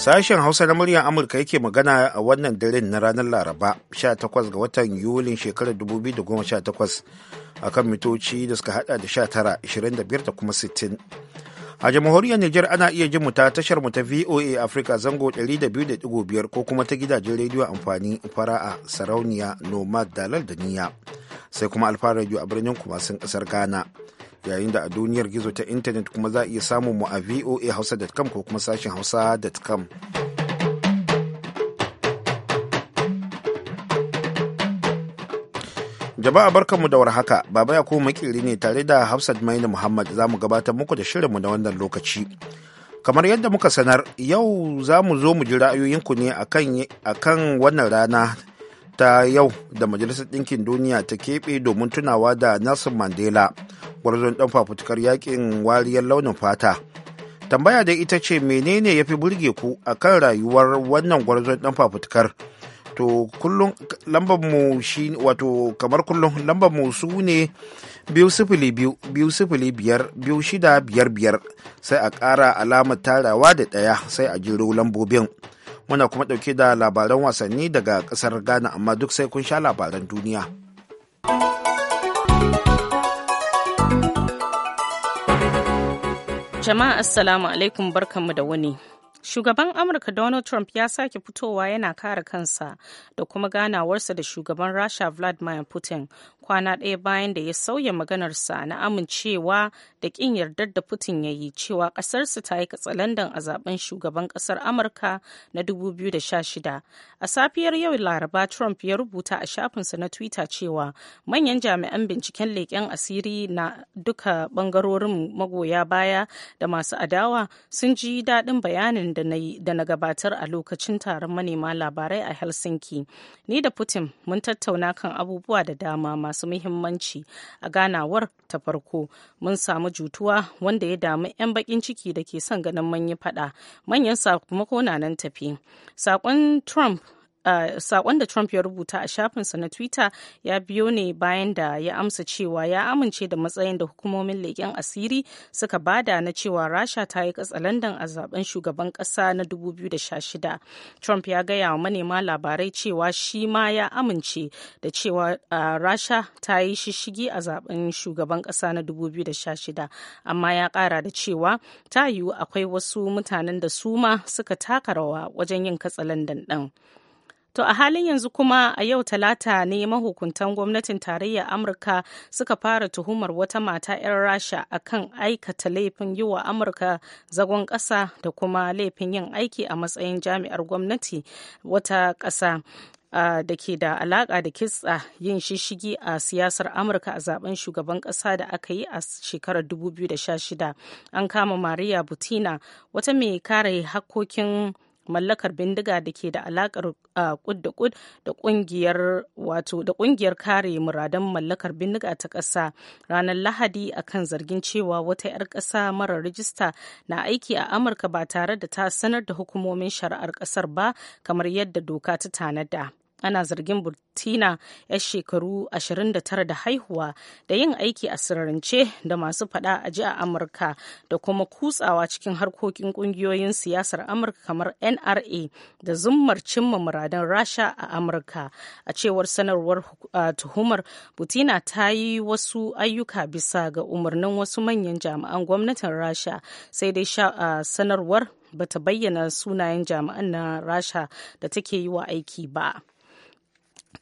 Sashen Hausa na muryar Amurka yake magana a wannan daren na ranar Laraba 18 ga watan Yulin shekarar 2018 kan mitoci da suka hada da 19.25 25 da kuma 60. A jamhuriyar Nijar ana iya jin mu ta tashar mu ta VOA Africa zango 200.5 ko kuma ta gidajen rediyo amfani fara'a sarauniya nomad dalal da niya sai kuma alfa radio a birnin kuma sun kasar Ghana. yayin da a duniyar gizo ta intanet kuma za a iya samun mu a voa hausa.com ko kuma sashen hausa.com jama'a barkanmu da warhaka baba ya kuma makiri ne tare da hafsat maina muhammad za mu gabatar muku da shirinmu na wannan lokaci kamar yadda muka sanar yau za mu zo mu ji ra'ayoyinku ne a kan wannan rana ta yau da majalisar ɗinkin duniya ta keɓe domin tunawa da nelson mandela gwarzon dan fafutukar yakin wariyar launin fata tambaya da ita ce menene ya fi burge ku a kan rayuwar wannan gwarzon dan fafutukar to kullum lambar mu shi wato kamar kullum lambar mu su ne biyu sifili biyu biyu sifili biyar biyu shida biyar biyar sai a ƙara alamar tarawa da ɗaya sai a jiro lambobin muna kuma ɗauke da labaran wasanni daga ƙasar ghana amma duk sai kun sha labaran duniya. Jama'a Assalamu alaikum barkanmu da wani. Shugaban Amurka Donald Trump ya sake fitowa yana kare kansa da kuma ganawarsa da shugaban Rasha Vladimir Putin kwana ɗaya bayan da ya sauya maganarsa na amincewa da ƙin yardar da Putin ya yi cewa ƙasarsa ta yi katsalandan a zaben shugaban ƙasar Amurka na 2016. A safiyar yau Laraba Trump ya rubuta a shafinsa na Twitter cewa manyan jami'an binciken leƙen asiri na duka ɓangarorin magoya baya da masu adawa sun ji daɗin bayanin da na gabatar a lokacin taron manema labarai a Helsinki. Ni da Putin mun tattauna kan abubuwa da dama masu muhimmanci a ganawar ta farko mun samu jutuwa wanda ya damu 'yan bakin ciki da ke son ganin manyan fada manyan sakamako na nan tafi sakon trump sakon da Trump ya rubuta a shafinsa na Twitter ya biyo ne bayan da ya amsa cewa ya amince da matsayin da hukumomin leƙen asiri suka bada na cewa Rasha ta yi katsalandan a zaben shugaban ƙasa na 2016. Trump ya gaya wa manema labarai cewa shi ma ya amince da cewa Rasha ta yi shishigi a zaben shugaban ƙasa na 2016, amma ya ƙara da cewa ta yiwu akwai wasu mutanen da su ma suka taka rawa wajen yin katsalandan ɗin. To a halin yanzu kuma a yau talata ne mahukuntan gwamnatin tarayyar Amurka suka fara tuhumar wata mata 'yar Rasha a kan aikata laifin yi wa Amurka zagon ƙasa da kuma laifin yin aiki a matsayin jami'ar gwamnati wata ƙasa. Uh, da ke da alaƙa da kitsa yin shishigi a siyasar amurka a zaben shugaban ƙasa da aka yi a shekarar 2016 an kama maria butina wata mai kare hakkokin mallakar bindiga da ke da alakar kud da kud da kungiyar wato da kungiyar kare muradan mallakar bindiga ta ƙasa ranar lahadi akan zargin cewa wata 'yar ƙasa mara rijista na aiki a amurka ba tare da ta sanar da hukumomin shari'ar ƙasar ba kamar yadda doka ta tanada. ana zargin burtina 'yar shekaru 29 da haihuwa da yin aiki a sirrance da masu fada a ji a amurka da kuma kutsawa cikin harkokin kungiyoyin siyasar amurka kamar nra da zummar cimma muradan rasha a amurka a cewar sanarwar tuhumar butina ta yi wasu ayyuka bisa ga umarnin wasu manyan jami'an gwamnatin rasha sai dai sanarwar bata bayyana sunayen jami'an na rasha da take yi wa aiki ba.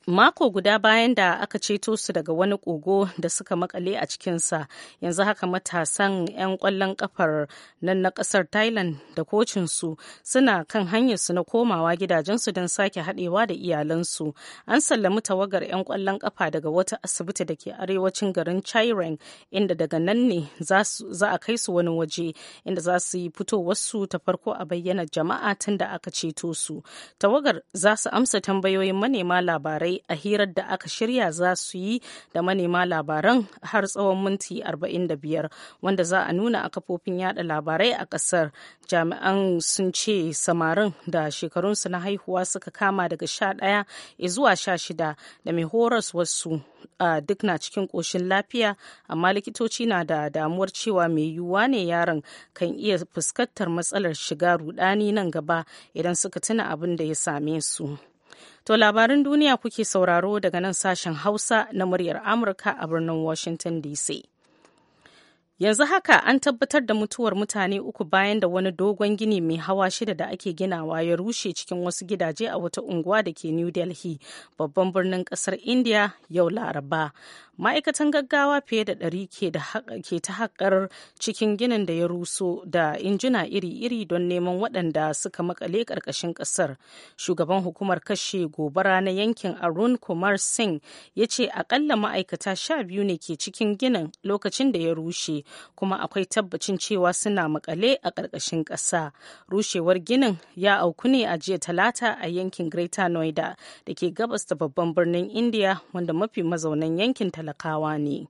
mako guda bayan da aka ceto su daga wani kogo da suka makale a cikinsa yanzu haka matasan 'yan kwallon kafar nan na kasar thailand da kocinsu suna kan hanyar su na komawa gidajensu don sake haɗewa da iyalansu an sallami tawagar 'yan kwallon kafa daga wata asibiti da ke arewacin garin chiren inda daga nan ne za a kai su wani waje inda za su yi wasu ta farko a bayyana jama'a tun da aka ceto su tawagar za su amsa tambayoyin manema labarai labarai a hirar da aka shirya za su yi da manema labaran har tsawon minti 45 wanda za a nuna a kafofin yada labarai a kasar jami'an sun ce samarin da shekarunsu na haihuwa suka kama daga sha 11 zuwa shida da mai horas wasu a duk na cikin ƙoshin lafiya amma likitoci na da damuwar cewa mai yiwuwa ne yaron kan iya fuskantar matsalar shiga rudani nan gaba idan suka tuna abin da ya same su. To labarin duniya kuke sauraro daga nan sashen Hausa na muryar Amurka a birnin Washington DC. yanzu haka an tabbatar da mutuwar mutane uku bayan da wani dogon gini mai hawa shida da ake ginawa ya rushe cikin wasu gidaje a wata unguwa da ke new delhi babban birnin kasar india yau laraba ma'aikatan gaggawa fiye da ɗari ke ta haƙar cikin ginin da ya ruso da injina iri-iri don neman waɗanda suka makale ƙarƙashin ƙasar shugaban hukumar kashe gobara na yankin arun kumar singh ya ce aƙalla ma'aikata sha biyu ne ke cikin ginin lokacin da ya rushe kuma akwai tabbacin cewa suna makale a ƙarƙashin ƙasa rushewar ginin ya auku ne a jiya talata a yankin greater noida da ke gabas da babban birnin india wanda mafi mazaunan yankin talakawa ne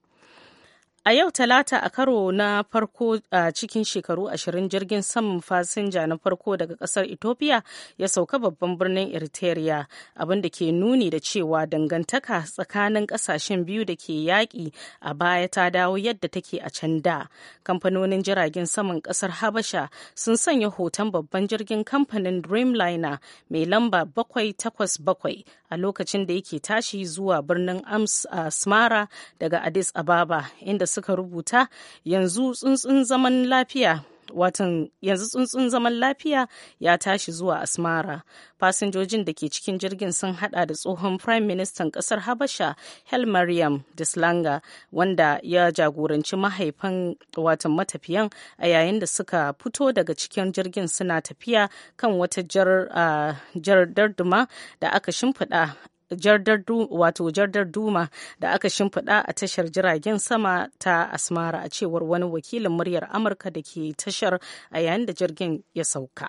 A yau Talata a karo na farko a cikin shekaru ashirin jirgin saman fasinja na farko daga kasar Ethiopia ya sauka babban birnin Eritrea abin da ke nuni da cewa dangantaka tsakanin kasashen biyu da ke yaƙi a baya ta dawo yadda take a can da. Kamfanonin jiragen saman kasar Habasha sun sanya hoton babban jirgin kamfanin Dreamliner mai lamba bakwai takwas bakwai a lokacin da yake tashi zuwa birnin Asmara daga Addis Ababa inda suka rubuta yanzu tsuntsun zaman lafiya watan yanzu tsuntsun zaman lafiya ya tashi zuwa asmara fasinjojin da ke cikin jirgin sun hada da tsohon prime ministan kasar habasha hel mariam dislanga wanda ya jagoranci mahaifan watan matafiyan a yayin da suka fito daga cikin jirgin suna tafiya kan wata jar, uh, darduma da aka shimfiɗa jardar duma da aka shimfiɗa a tashar jiragen sama ta asmara a cewar wani wakilin muryar amurka da ke tashar a yayin da jirgin ya sauka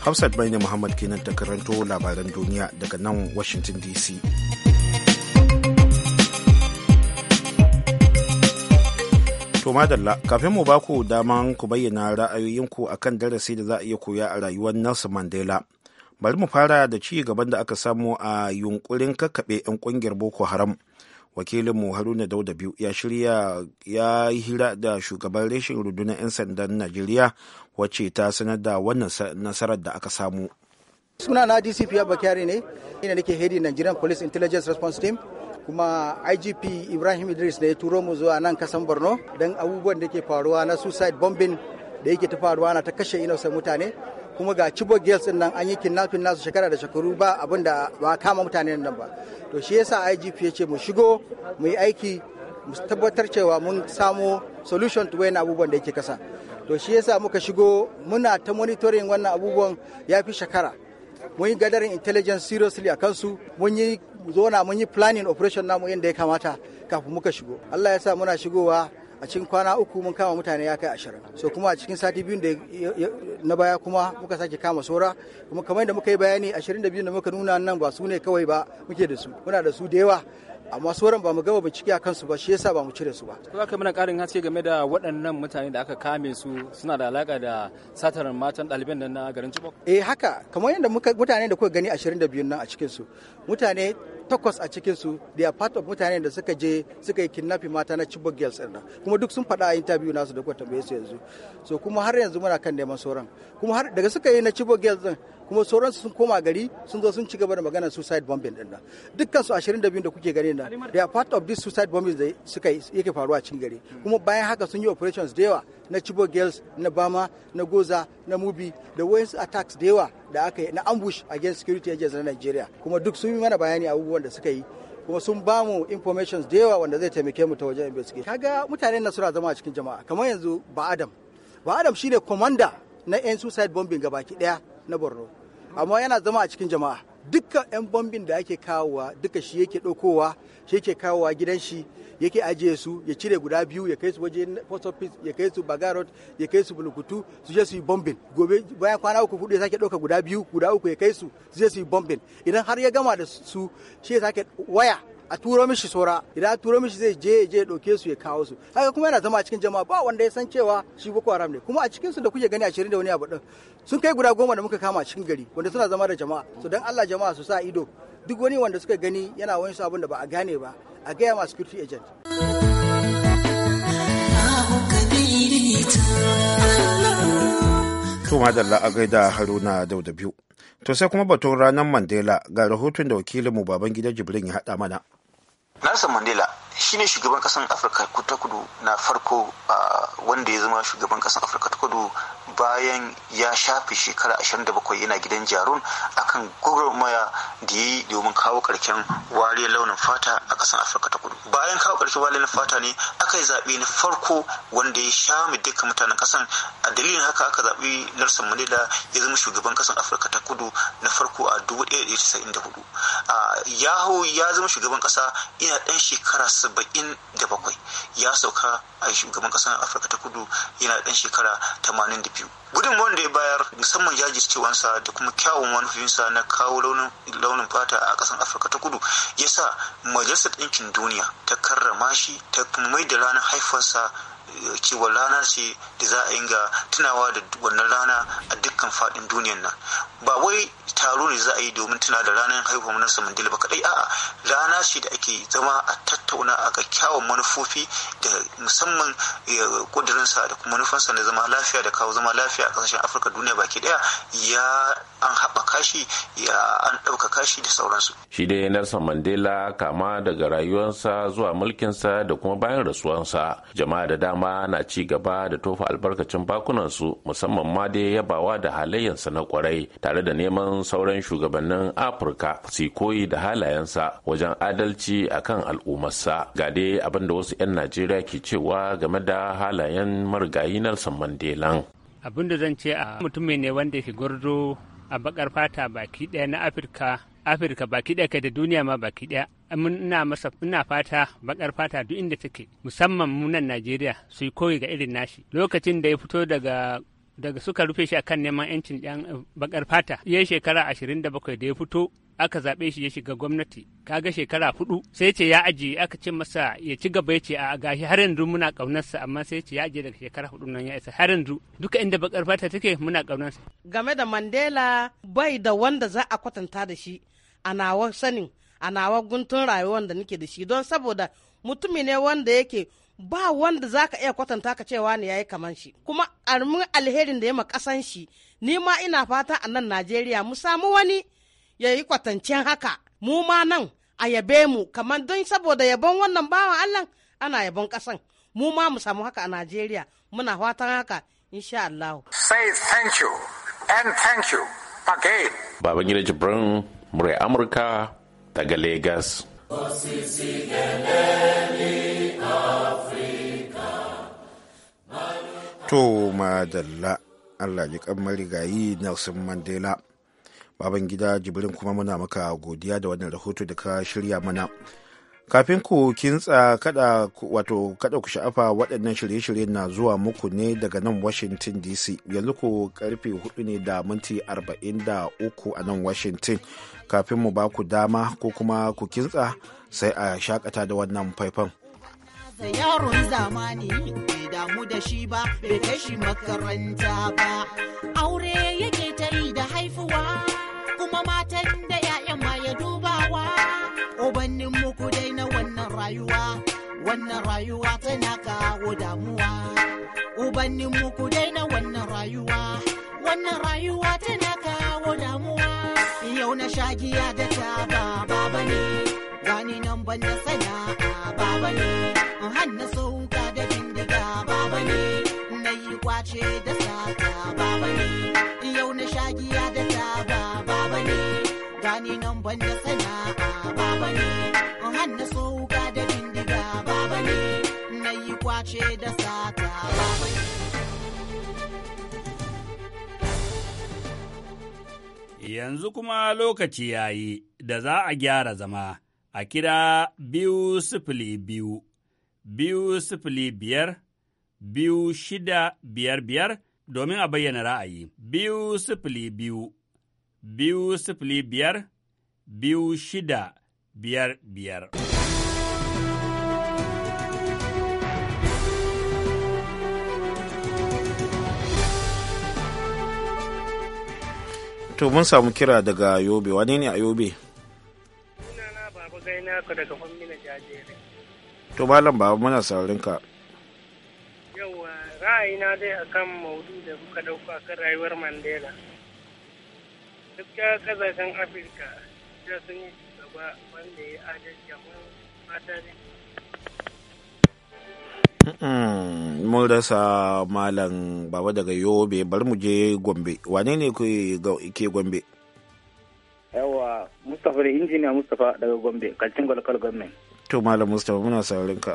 Hafsat ne Muhammad kenan ta karanto labaran duniya daga nan Washington DC. To madalla kafin mu baku daman ku bayyana ra'ayoyinku akan darasi da za a iya koya a rayuwar Nelson Mandela. Bari mu fara da ci gaban da aka samu a yunkurin kakkaɓe 'yan ƙungiyar Boko Haram. Wakilinmu Haruna Dauda biyu ya shirya ya yi hira da shugaban reshen rundunar 'yan sandan Najeriya wacce ta sanar da wannan nasarar da aka samu. Suna na DCP Abba ne, ina nake Hedi Nigerian Police Intelligence Response Team. kuma igp ibrahim idris da ya turo mu zuwa nan kasan borno don abubuwan da ke faruwa na suicide bombing da yake ta faruwa na ta kashe innocent mutane kuma ga cibo girls din nan an yi kidnapping nasu shekara da shekaru ba abin da ba kama mutane nan ba to shi yasa igp ya ce mu shigo mu yi aiki mu tabbatar cewa mun samo solution to wayan abubuwan da yake kasa to shi yasa muka shigo muna ta monitoring wannan abubuwan ya fi shekara mun yi gadarin intelligence seriously a kansu mun yi mu na mun yi planning operation namu yadda ya kamata kafin muka shigo Allah ya sa muna shigowa a cikin kwana uku mun kama mutane ya kai ashirin so kuma a cikin sati biyu da na baya kuma muka sake kama saura kuma kamar da muka yi bayani ashirin da biyu da muka nuna nan ba su ne kawai ba muke da su muna da su da yawa amma sauran ba mu gama bincike a kansu ba shi yasa ba mu cire su ba ko aka mana karin haske game da waɗannan mutane da aka kame su suna da alaka da satarar matan ɗaliban nan na garin Chibok eh haka kamar yadda mutane da kuka gani 22 nan a cikin su mutane takwas a cikin su they part of mutane da suka je suka yi kidnappi mata na Chibok girls din nan kuma duk sun faɗa a interview nasu da kuka tambaye su yanzu so kuma har yanzu muna kan neman sauran kuma har daga suka yi na Chibok girls din kuma sauran sun koma gari sun zo sun ci gaba da magana suicide bombing din nan dukkan su 22 da kuke gani nan they are part of this suicide bombing da suka yake faruwa cikin gari kuma bayan haka sun yi operations da yawa na chibok Girls na Bama na Goza na Mubi da wayansu attacks da yawa da aka yi na ambush against security agents na Nigeria kuma duk sun yi mana bayani abubuwan da suka yi kuma sun ba mu informations da yawa wanda zai taimake mu ta wajen investigate. kaga mutanen na suna zama a cikin jama'a kamar yanzu ba Adam ba Adam shine commander na 'yan suicide bombing gabaki daya na Borno amma yana zama a cikin jama'a dukkan 'yan bombin da ake kawowa duka shi yake ɗaukowa shi yake kawowa gidan shi yake ajiye su ya cire guda biyu ya kai su waje post office ya kai su bagarot ya kai su bulukutu su je su yi bombin gobe bayan kwana uku hudu ya sake ɗauka guda biyu guda uku ya kai su su je su yi bombin idan har ya gama da su shi ya sake waya a turo mishi sora idan a turo mishi zai je je ya ɗauke su ya kawo su haka kuma yana zama a cikin jama'a ba wanda ya san cewa shi boko haram ne kuma a cikin su da kuke gani ashirin da wani abu din sun kai guda goma da muka kama a cikin gari wanda suna zama da jama'a so dan Allah jama'a su sa ido duk wani wanda suka gani yana wani su da ba a gane ba a gaya ma security agent. To madalla a gaida Haruna Dauda biyu. To sai kuma batun ranar Mandela ga rahoton da wakilinmu baban gidan Jibrin ya haɗa mana. Nelson Mandela Shi ne shugaban kasan afirka ta kudu na farko wanda ya zama shugaban kasan afirka ta kudu bayan ya shafe shekara 27 yana gidan jarun akan gwagwarmaya da ya yi domin kawo karshen wariyar launin fata a kasan afirka ta kudu bayan kawo karshen ware launin fata ne aka yi zaɓe na farko wanda ya shame dukkan mutanen kasan a dalilin haka aka zaɓi nelson mandela ya zama shugaban kasan afirka ta kudu na farko a 1994 yaho ya zama shugaban kasa ina ɗan shekara saba'in da bakwai ya sauka a shugaban ƙasar afirka ta kudu yana ɗan shekara tamanin da biyu gudunmawar da ya bayar musamman jajircewansa da kuma kyawun manufofinsa na kawo launin fata a kasar afirka ta kudu ya sa majalisar ɗinkin duniya ta karrama shi ta kuma mai da ranar haifarsa eh, cewa rana ce da za a yi ga tunawa da wannan rana a dukkan faɗin duniyan nan ba wai taro ne za a yi domin tuna da ranar haihuwar Nelson Mandela ba kadai a'a rana ce da ake zama a tattauna a ga kyawun manufofi da musamman kudurinsa eh, da kuma manufansa na zama lafiya da kawo zama lafiya a kasashen Afirka duniya baki daya ya an haɓaka kashi ya an ɗauka kashi da sauransu. Shi dai Nelson Mandela kama daga rayuwarsa zuwa mulkinsa da kuma bayan rasuwarsa jama'a da dama na ci gaba da tofa albarkacin bakunansu musamman ma dai yabawa da halayyarsa na kwarai tare da neman sauran shugabannin afirka su koyi da halayensa wajen adalci a kan al'ummarsa ga dai abin da wasu 'yan najeriya ke cewa game da halayen marigayi nelson mandela abin da zan ce a mutum ne wanda ke gurdo a bakar fata baki daya na afirka afirka baki daya kai da duniya ma baki daya ina masa ina fata bakar fata duk inda take musamman munan najeriya su koyi ga irin nashi lokacin da ya fito daga daga suka rufe shi akan neman 'yancin yan eh, bakar fata ya shekara ashirin da bakwai da ya fito aka zaɓe shi ya shiga gwamnati kaga shekara hudu sai ce ya aje aka ce masa ya ci gaba ya ce a gashi har yanzu muna kaunarsa amma sai ce ya aje daga shekara hudu nan ya isa har yanzu duka inda bakar fata take muna kaunarsa game da mandela bai da wanda za a kwatanta da shi a nawa sanin a nawa guntun rayuwar da nake da shi don saboda mutumi ne wanda yake ba wanda za ka iya kwatanta ka cewa ne ya yi kaman shi kuma armin alherin da ya ma kasan shi ni ma ina fata a nan najeriya mu samu wani ya yi kwatancen haka mu ma nan a yabe mu kamar don saboda yabon wannan bawan allah ana yabon kasan mu ma mu samu haka a najeriya muna fatan haka insha allah say thank you and thank you again babangida jibrin murai amurka daga lagos Osisi geleli afu. to madalla allah ji kan marigayi nelson mandela baban gida jibrin kuma muna maka godiya da wannan rahoto da ka shirya mana kafin ku kintsa kada wato kada ku sha'afa waɗannan shirye-shirye na zuwa muku ne daga nan washington dc yanzu ku karfe 4 ne da minti arba'in da uku a nan washington kafin mu ba ku dama ko kuma ku kintsa sai a shakata da wannan faifan da yaron zamani bai damu da shi ba bai kai shi makaranta ba aure yake ta yi da haifuwa kuma matan da 'ya'yan ma ya dubawa obannin muku dai na wannan rayuwa wannan rayuwa tana kawo damuwa ubannin muku dai na wannan rayuwa wannan rayuwa tana kawo damuwa yau na shagiya da ta ba baba ne ni nan ban da sana'a baba ne hannu sauka da bindiga baba ne na yi kwace da sata baba ne yau na shagiya da taba baba ne gani nan ban da sana'a baba ne hannu sauka da bindiga baba ne na yi kwace da sata baba ne Yanzu kuma lokaci ya yi da za a gyara zama. a kira biyu sifili biyu, biyu sifili biyar, biyu shida biyar biyar domin a bayyana ra'ayi. Biyu sifili biyu, biyu sifili biyar, biyu shida biyar biyar. To mun samu kira daga Yobe, wani ne a Yobe? gaina daga Fammina Jajere. To Malam ba muna saurin ka. Yawwa ra'ayina dai akan maudu da kuka dauka kan rayuwar Mandela. Gaskiya ƙasashen Afirka da sun yi gaba wanda ya adalci amma mata ne. mun rasa malam baba daga yobe bari mu je gombe wane ne ke gombe yawa mustapha da injiniya mustapha daga gombe kalcin gwalkal Gombe. to malam mustapha muna saurin ka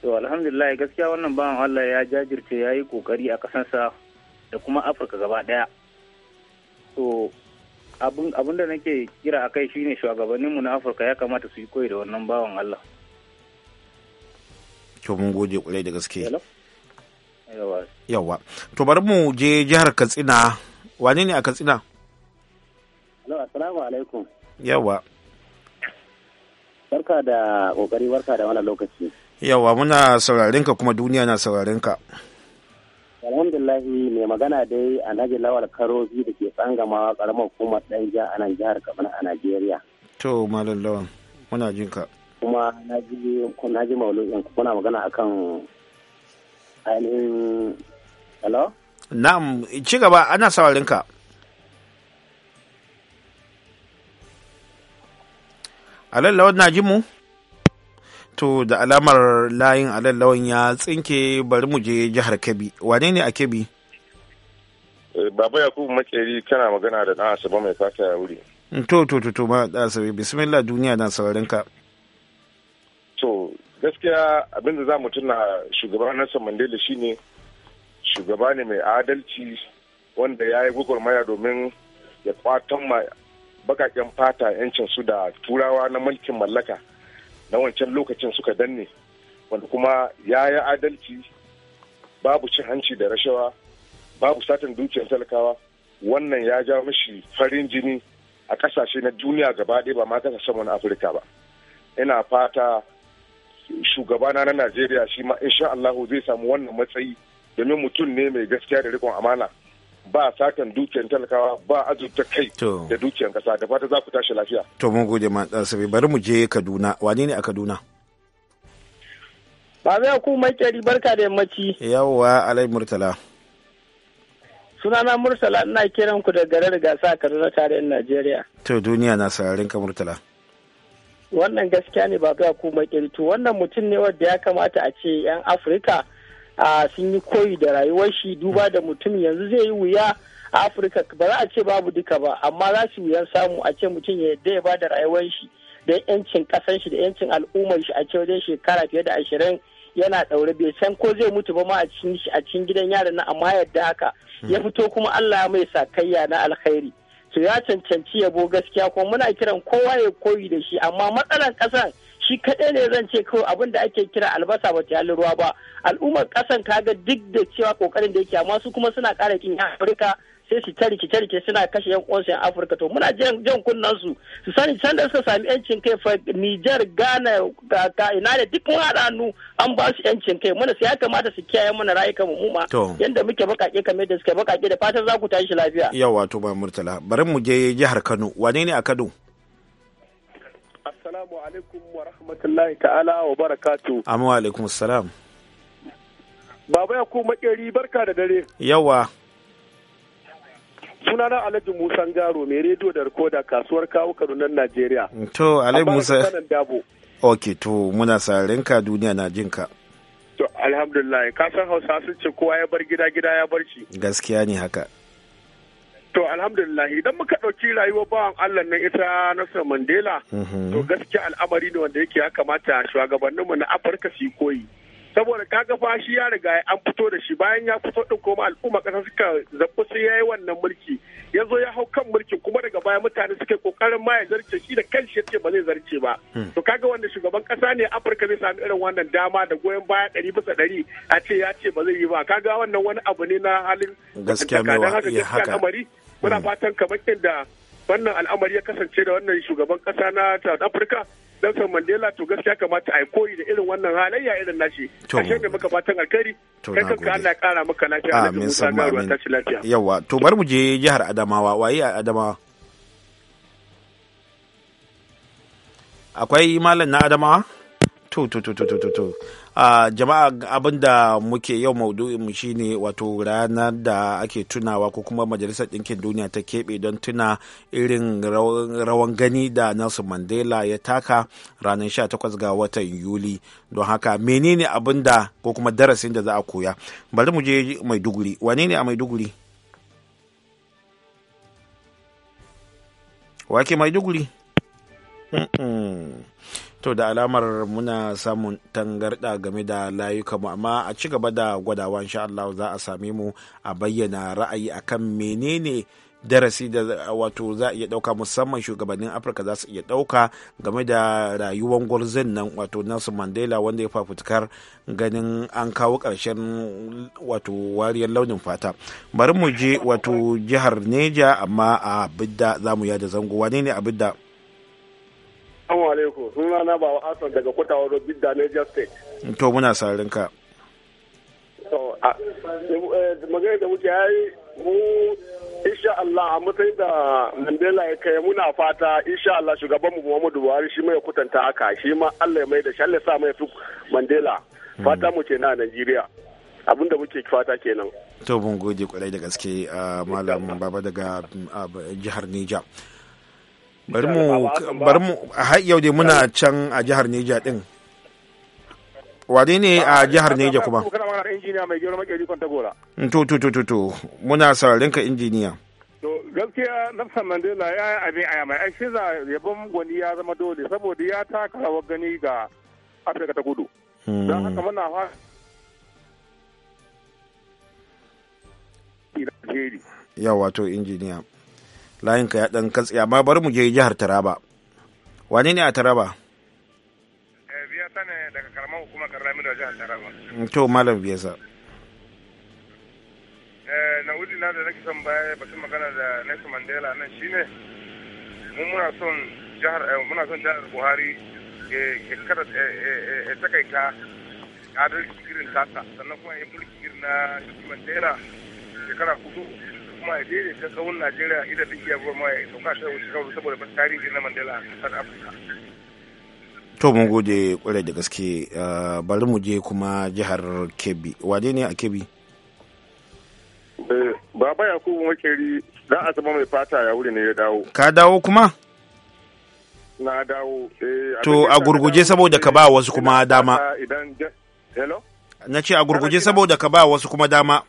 to alhamdulillah gaskiya wannan bawan allah ya jajirce ya yi kokari a kasansa da kuma afirka gaba daya to abin da nake kira a kai shine shugabanninmu na afirka ya kamata su yi koyi da wannan bawan allah to mun gode kurai da gaske yawa to bari mu je jihar katsina wane ne a katsina Hello, assalamu alaikum. Yawa. Barka da kokari barka da wannan lokaci. Yawa muna sauraren ka kuma duniya na sauraren ka. Alhamdulillahi mai magana dai a Alhaji Lawal Karobi da ke tsangama karamar hukumar Danja a nan jihar Kaduna a Najeriya. To Malam Lawan muna jin ka. Kuma na ji na ji maulu'in kuna magana akan ainihin Hello? Na'am, ci gaba ana sauraren ka. alallawan na ji mu to da alamar layin alallawan ya tsinke bari mu je jihar kebbi wane ne a kebbi eh, baba yakubu makeri kana magana da na asaba mai fata ya wuri mm, to to to to ma da asabe bismillah duniya na saurinka. to gaskiya abinda za mu tuna shugaban Nelson Mandela shine shugaba ne mai adalci wanda ya yi gwagwarmaya domin ya kwatan ma bakaken fata yancin su da turawa na mulkin mallaka na wancan lokacin suka danne wanda kuma ya yi adalci babu cin hanci da rashawa babu satan dukiyar talakawa wannan ya ja mashi farin jini a kasashe na duniya gaba ɗaya ba ma kasa wani afirka ba ina fata shugabana na najeriya shi ma insha allahu zai samu wannan matsayi domin mutum ne mai gaskiya da rikon amana ba satan dukiyar talakawa ba azurta kai da dukiyar kasa da fata za ku tashi lafiya. To mun gode ma sabi bari mu je Kaduna wane ne a Kaduna? Ba zai ku kyari barka da yammaci. Yawwa Alai Murtala. Sunana Murtala ina kiran ku da garar gasa a Kaduna tarayyar Najeriya. To duniya na sararin ka Murtala. Wannan gaskiya ne ba ga ku kyari to wannan mutum ne wanda ya kamata a ce 'yan Afirka sun yi koyi da rayuwar shi duba da mutum yanzu zai yi wuya a afirka ba za a ce babu duka ba amma za su wuyan samu a ce mutum ya yadda ya ba da rayuwar shi da yancin kasan shi da yancin al'ummar shi a ce wajen shekara fiye da ashirin yana daure bai san ko zai mutu ba ma a cikin gidan yaran nan amma yadda haka hmm. ya fito kuma Allah mai sakayya na alkhairi to ya cancanci yabo gaskiya kuma muna kiran kowa ya koyi da shi amma matsalan kasan shi kaɗai ne zan ce kawai abin da ake kira albasa ba ta ruwa ba al'ummar ƙasan kaga duk da cewa ƙoƙarin da yake amma su kuma suna ƙara kin afirka sai su ta ta rike suna kashe yan uwansu yan afirka to muna jan kunnan su su sani can da suka sami yancin kai fa nijar ghana ka ina da duk mun haɗa hannu an ba su yancin kai muna su ya kamata su kiyaye mana rayukan mu ma yanda muke bakake kamar da suke bakake da fatan za ku tashi lafiya yawa to ba murtala bari mu je jihar kano wane ne a kano Assalamu alaikum wa rahmatullahi ta'ala wa barakatu. Amma alaikum salam. Baba ya ku makeri barka da dare. Yawa. sunana Alhaji Musa Garo mai rediyo da rikoda kasuwar kawo Kaduna Najeriya. To Alhaji Musa. Ok to muna sararin ka duniya na jin ka. To alhamdulillah ka Hausa sun ce kowa ya bar gida gida ya bar shi. Gaskiya ne haka. To alhamdulillah idan muka ɗauki rayuwar bawan Allah nan ita Nelson Mandela mhm. to gaskiya al'amari ne wanda yake ya kamata shugabanninmu na Afirka su koyi. Saboda kaga fa shi ya riga an fito da shi bayan ya fito din kuma al'umma ƙasa suka zaɓi sai ya yi wannan mulki ya zo ya hau kan mulki kuma daga baya mutane suka kokarin ma ya zarce shi da kanshi ya ce ba zai zarce ba. Hmm. To kaga wanda shugaban ƙasa ne Afirka zai sami irin wannan dama da goyon baya ɗari bisa ɗari a ce ya ce ba zai yi ba kaga wannan wani abu ne na halin gaskiya mai haka. muna hmm. fatan kamar yadda wannan al'amari ya kasance da wannan shugaban kasa na South Africa Nelson Mandela to gaskiya kamata a yi koyi da irin wannan halayya irin nashi. Ashe da muka fatan alkhairi kai kanka Allah ya kara maka lafiya Allah ya musa ga ruwa tashi lafiya. Yawwa to bar mu je jihar Adamawa waye a Adamawa? Akwai malam na Adamawa? to to to to to to jama'a abinda muke yau maudu'in mu shine wato ranar da ake tunawa ko kuma majalisar ɗinkin duniya ta keɓe don tuna irin rawan gani da Nelson Mandela ya taka ranar 18 ga watan Yuli don haka menene abin da ko kuma darasin da za a koya bari mu je Maiduguri wane ne a Maiduguri wake Maiduguri mm -mm. to da alamar muna samun tangarɗa game da layuka mu amma a ci gaba da gwadawa insha Allah za a same mu a bayyana ra'ayi akan menene darasi da wato za a iya ɗauka musamman shugabannin afirka za su iya ɗauka game da rayuwar gwarzon nan wato nelson mandela wanda ya fafutukar ganin an kawo karshen wato wariyar launin fata bari mu je wato jihar neja amma a bidda za mu yada zango wane ne a bidda Assalamu alaikum. Suna na Baba Hassan daga Kutawa Robin da Niger State. To muna sarin ka. To eh, magana da muke yayi mu insha Allah a matsayin da Mandela ya kai muna fata insha Allah shugaban mu Muhammadu Buhari shi mai kutanta haka shi ma Allah ya mai da shi Allah sa mai fi Mandela. Hmm. Fata mu ce a Najeriya. abin da muke fata kenan. To mun gode kwarai da gaske a ah, malam baba daga ah, jihar Niger. bari mu bari mu har yau dai muna can a jihar Neja din wane ne a jihar Neja kuma to to to to to muna sararin ka injiniya to gaskiya Nelson Mandela ya yi abin aya mai aishi za ya yabon gwani ya zama dole saboda ya taka rawar gani ga Afirka ta Kudu hmm. don haka muna fa yawa to injiniya layinka ya ɗan katse amma bari mu je jihar taraba wani ne a taraba eh, biyasa ne daga karamar hukumar karami da jihar taraba to malam biyasa eh, na wuri na da nake son baya batun magana da nelson mandela nan shine mun muna son jihar eh, muna son jihar buhari ke kada ya ka adalci girin tasa sannan kuma ya mulki irin na mandela shekara hudu kuma ya ta tsawon najeriya ida da iya ba ma ya sauka ta wuce kawai saboda ba tarihi na mandela a ƙasar afirka to mun gode kwarai da gaske ah, bari mu je kuma jihar kebbi wane ne a kebbi eh, baba yakubu makeri a zama mai fata ya wuri ne ya dawo ka dawo kuma na dawo eh, to a gurguje saboda ka ba wasu kuma dama na ce a gurguje saboda ka ba wasu kuma dama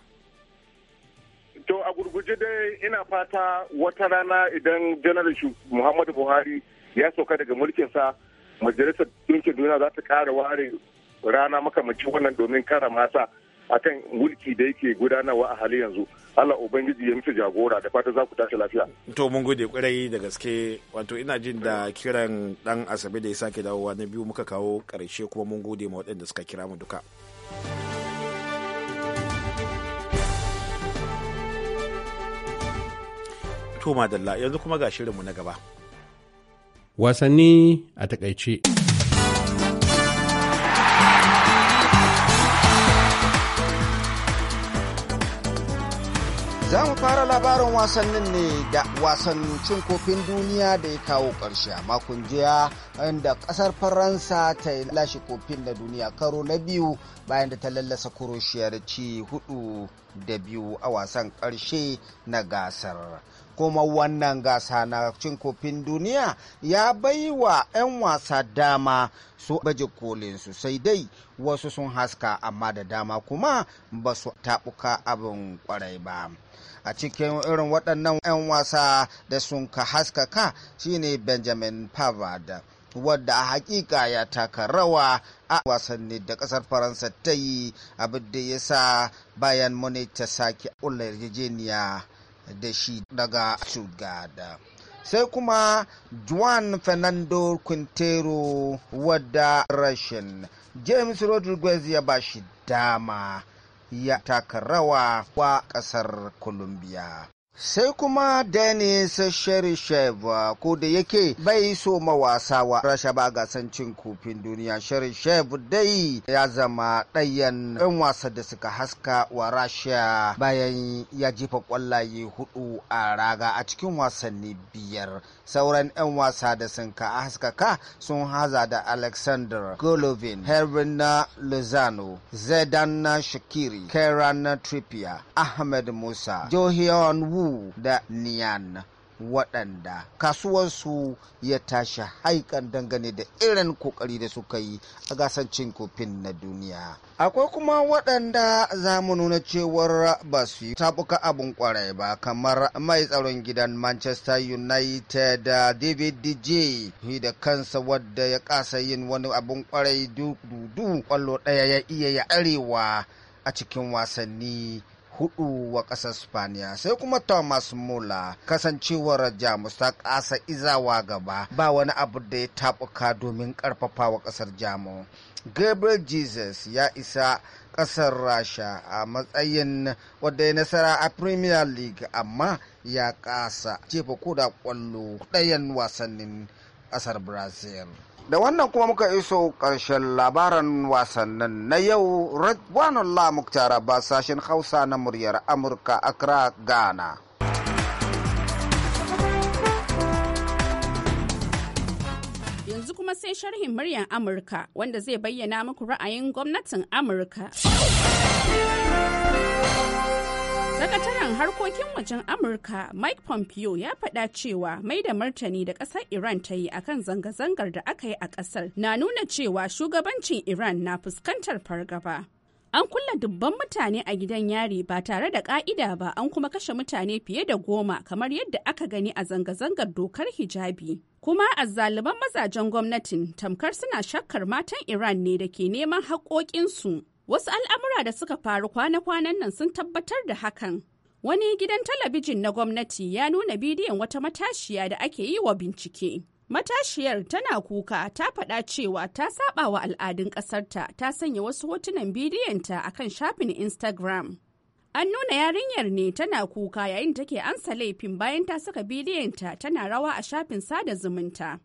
gurguje dai ina fata wata rana idan janar muhammadu buhari ya sauka daga mulkinsa majalisar dinkin duniya za ta kara ware rana mace wannan domin kara mata kan mulki da yake gudanarwa a hali yanzu Allah ubangiji ya mutu jagora da fata za ku tashi lafiya to mun gode kwarai da gaske wato ina jin da kiran dan asabe da ya sake dawowa na biyu muka kawo karshe kuma mun gode ma waɗanda suka kira mu duka To madalla yanzu kuma ga shirinmu na gaba. Wasanni a takaice. Za mu fara labarin wasannin ne da wasannin cin kofin duniya da ya kawo ƙarshe a makon jiya inda ƙasar Faransa ta lashe kofin na duniya karo na biyu bayan da ta lallasa kuroshiyar ci hudu da biyu a wasan ƙarshe na gasar. kuma wannan gasa na cin kofin duniya ya bai wa 'yan wasa dama su baje kolin su sai dai wasu sun haska amma da dama kuma ba su taɓuka abin kwarai ba a cikin irin waɗannan 'yan wasa da sun ka haskaka shine benjamin pavard wadda a hakika ya taka rawa a wasanni da kasar faransa ta yi abin da ya sa bayan munich ta sake yarjejeniya da shi daga Stuttgart. sai kuma juan fernando quintero wadda rashin james rodriguez ya ba shi dama ya taka rawa wa kasar colombia sai kuma denis sherishev ko da yake bai so mawasa wa rasha ba gasan cin kofin duniya sherishev dai ya zama ɗayan 'yan wasa da suka haska wa rasha bayan ya jefa kwallaye hudu a raga a cikin wasanni biyar sauran 'yan wasa da sun ka haskaka sun haza da alexander golovin Herbin lozano zedan shakiri na trippier ahmed musa johion wu da Niyan. waɗanda kasuwansu ya tashi haikan dangane da irin kokari da suka yi a gasar cin kofin na duniya akwai kuma waɗanda za mu nuna cewar ba su yi tabuka abin kwarai ba kamar mai tsaron gidan manchester united uh, david dj da kansa wadda ya kasa yin wani abin kwarai dudu kwallo ɗaya ya iya ya arewa a cikin wasanni hudu wa kasar spaniya sai kuma thomas muller kasancewar jamus ta ƙasa izawa gaba ba wani abu da ya tabuka domin ƙarfafa wa ƙasar Jamu. gabriel jesus ya isa ƙasar rasha a matsayin wadda ya nasara a premier league amma ya ƙasa jefa koda ƙwallo ɗayan wasannin ƙasar brazil da wannan kuma muka iso ƙarshen labaran wasannin na yau Radwanullah Muktar ba sashen Hausa na muryar Amurka akra Ghana. Yanzu kuma sai sharhin muryar Amurka wanda zai bayyana muku ra'ayin gwamnatin Amurka. Sakataren harkokin wajen Amurka Mike Pompeo ya faɗa cewa mai da martani da ƙasar Iran ta yi akan zanga-zangar da aka yi a ƙasar na nuna cewa shugabancin Iran na fuskantar fargaba. An kulla dubban mutane a gidan yari ba tare da ƙa'ida ba an kuma kashe mutane fiye da goma kamar yadda aka gani a zanga-zangar dokar hijabi. Kuma a azzaluman mazajen gwamnatin tamkar suna shakkar matan Iran ne da ke neman haƙoƙinsu. Wasu al'amura da suka faru kwana-kwanan nan sun tabbatar da hakan. Wani gidan talabijin na gwamnati ya nuna bidiyon wata matashiya da ake yi wa bincike. Matashiyar tana kuka ta faɗa cewa ta saba wa al'adun ƙasarta ta sanya wasu hotunan bidiyonta a kan shafin Instagram. An nuna yarinyar ne tana kuka yayin take ansa laifin bayan ta saka bidiyonta tana rawa a shafin sada zumunta.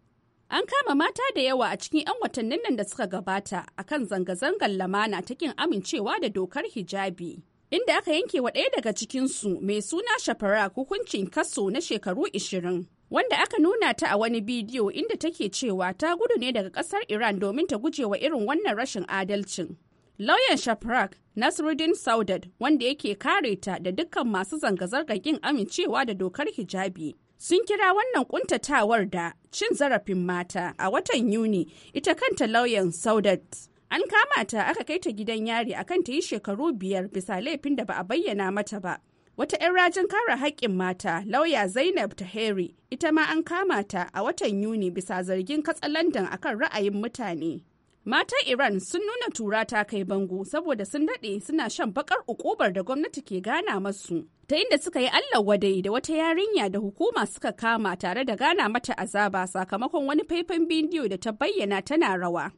An kama mata da yawa a cikin 'yan watannin nan da suka gabata akan zanga-zangar lamana ta kin amincewa da dokar hijabi. Inda aka yanke wa ɗaya daga cikinsu mai suna shafara hukuncin kaso na shekaru ishirin. Wanda aka nuna ta a wani bidiyo inda take cewa ta gudu ne daga ƙasar Iran domin ta guje wa irin wannan rashin adalcin. Lauyan Shafrak Nasruddin saudad wanda yake kare ta da dukkan masu zanga-zangar ƙin amincewa da dokar hijabi sun kira wannan kuntatawar da cin zarafin mata a watan yuni ita kanta lauyan saudat an kama ta aka kai ta gidan yari akan ta yi shekaru biyar bisa laifin da ba a bayyana mata ba wata 'yan rajin kare haƙƙin mata lauya zainab taheri ita ma an kama ta a watan yuni bisa zargin katsalandan akan ra'ayin mutane Matan Iran sun nuna tura ta kai bango saboda sun daɗe suna shan bakar ukubar da gwamnati ke gana masu. Ta inda suka yi Allah wadai da wata yarinya da hukuma suka kama tare da gana mata azaba sakamakon wani faifan bidiyo da ta bayyana tana rawa.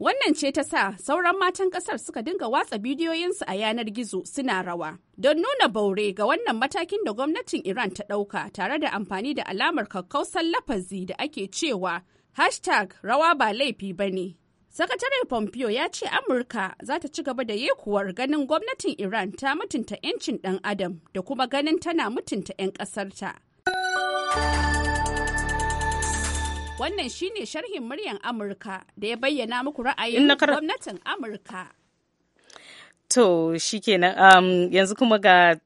Wannan ce ta sa sauran matan ƙasar suka dinga watsa bidiyoyinsu a yanar gizo suna rawa. Don nuna baure ga wannan matakin da gwamnatin Iran ta ɗauka tare da amfani da alamar kakkausan lafazi da ake cewa hashtag rawa ba laifi ba ne sakataren pompeo ya ce amurka za ta ci gaba da yekuwar ganin gwamnatin iran ta mutunta 'yancin dan adam da kuma ganin tana mutunta 'yan kasarta. wannan shine sharhin muryan amurka da ya bayyana muku ra'ayin gwamnatin amurka To shi um, yanzu kuma ga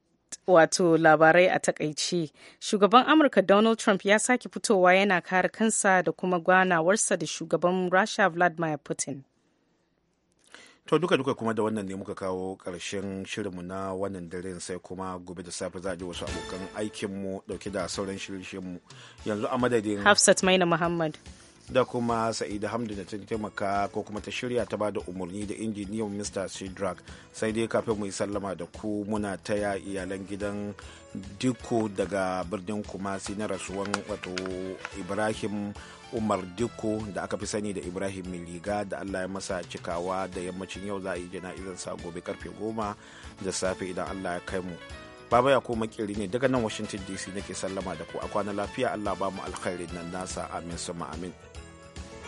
wato labarai a takaici shugaban amurka donald trump ya sake fitowa yana kare kansa da kuma ganawarsa da shugaban rasha vladimir putin to duka duka kuma da wannan ne muka kawo karshen shirinmu na wannan daren sai kuma gobe da safe za a ji wasu abokan aikinmu dauke da sauran shirye-shiryenmu yanzu a madadin hafsat maina muhammad da kuma sa'ida hamdu da ta taimaka ko kuma ta shirya ta bada umarni da injiniyan mr shidrak sai dai kafin mu yi sallama da ku muna taya iyalan gidan diko daga birnin kumasi na rasuwan wato ibrahim umar diko da aka fi sani da ibrahim miliga da allah ya masa cikawa da yammacin yau za a yi jana'izar sa gobe karfe goma da safe idan allah ya kai mu baba ya koma kiri ne daga nan washington dc nake sallama da ku a kwana lafiya allah ba mu alkhairin nan nasa amin sama amin